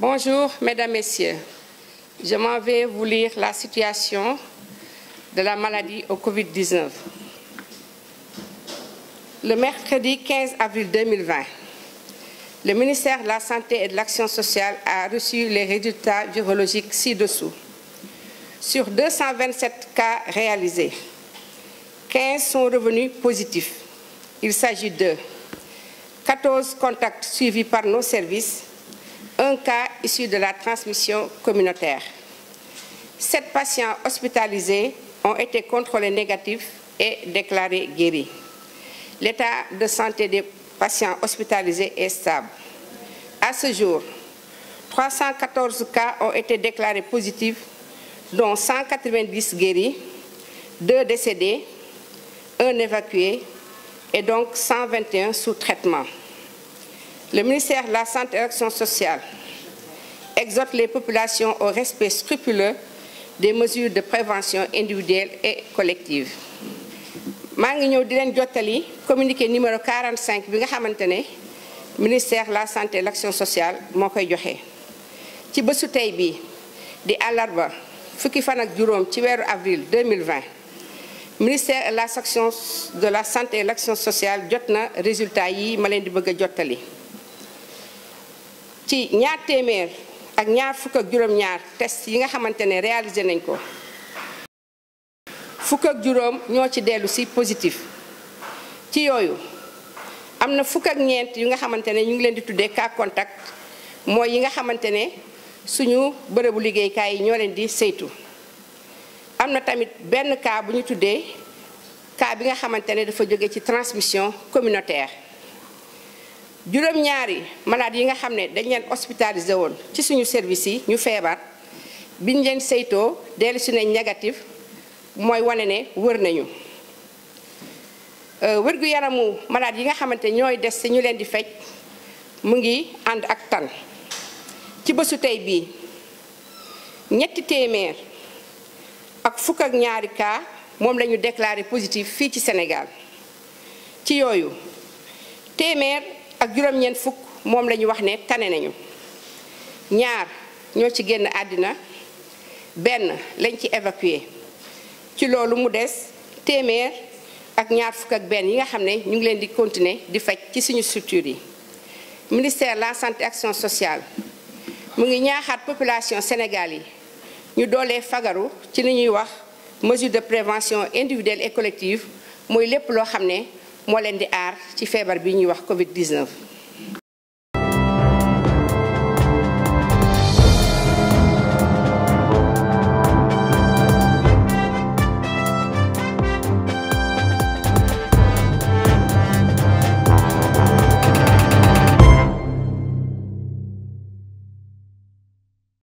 Bonjour, Mesdames, Messieurs. Je m'en vais vous lire la situation de la maladie au Covid-19. Le mercredi 15 avril 2020, le ministère la Santé et l'Action sociale a reçu les résultats virologiques ci-dessous. Sur 227 cas réalisés, 15 sont revenus positifs. Il s'agit de 14 contacts suivis par nos services un cas issu de la transmission communautaire. Sept patients hospitalisés ont été contrôlés négatifs et déclarés guéris. L'état de santé des patients hospitalisés est stable. À ce jour, 314 cas ont été déclarés positifs, dont 190 guéris, 2 décédés, 1 évacué et donc 121 sous traitement. Le ministère la Santé et de sociale exhorte les populations au respect scrupuleux des mesures de prévention individuelle et collective maa ngi ñëw di leen jottali communiqué numéro 45 bi nga xamante ne ministère la santé et l'action sociale moo koy joxe. ci bësu tey bi di àllarba fukki fan ak juróom ci weeru avril 2020 ministère la section de la santé et l'action sociale jot na résultat yi ma leen di bëgg a jottali ci ñaar téeméer. ak ñaar fukk ak juróom-ñaar test yi nga xamante ne réalisé nañ ko fukk ak juróom ñoo ci dellu si positif ci yooyu am na fukk ak ñeent yu nga xamante ne ñu ngi leen di tuddee cas kontak mooy yi nga xamante ne suñu bërëbu liggéeykaay yi ñoo leen di saytu am na tamit benn cas bu ñu tuddee cas bi nga xamante ne dafa jóge ci transmission communautaire juróom-ñaari malade yi nga xam ne dañ leen hospitalisé woon ci suñu service yi ñu feebar biñ leen saytoo dellusi si nañ négatif mooy wane ne wër nañu euh, wërgu yaramu malade yi nga xamante ñooy des si ñu leen di fej mu ngi ànd ak tan ci bësu tey bii ñetti téeméer ak fukk ak ñaari cas moom lañu ñu déclaré positif fii ci Sénégal ci yooyu téeméer ak juróom-ñeent fukk moom la ñu wax ne tane nañu ñaar ñoo ci génn àddina benn lañ ci évacué ci loolu mu des téeméer ak ñaar fukk ak benn yi nga xam ne ñu ngi leen di continuer di faj ci suñu structure yi ministère la santé action sociale mu ngi ñaaxaat population Sénégal yi ñu doolee fagaru ci li ñuy wax mesure de prévention individuelle et collective mooy lépp loo xam ne moo leen di aar ci feebar bi ñuy wax Covid 19.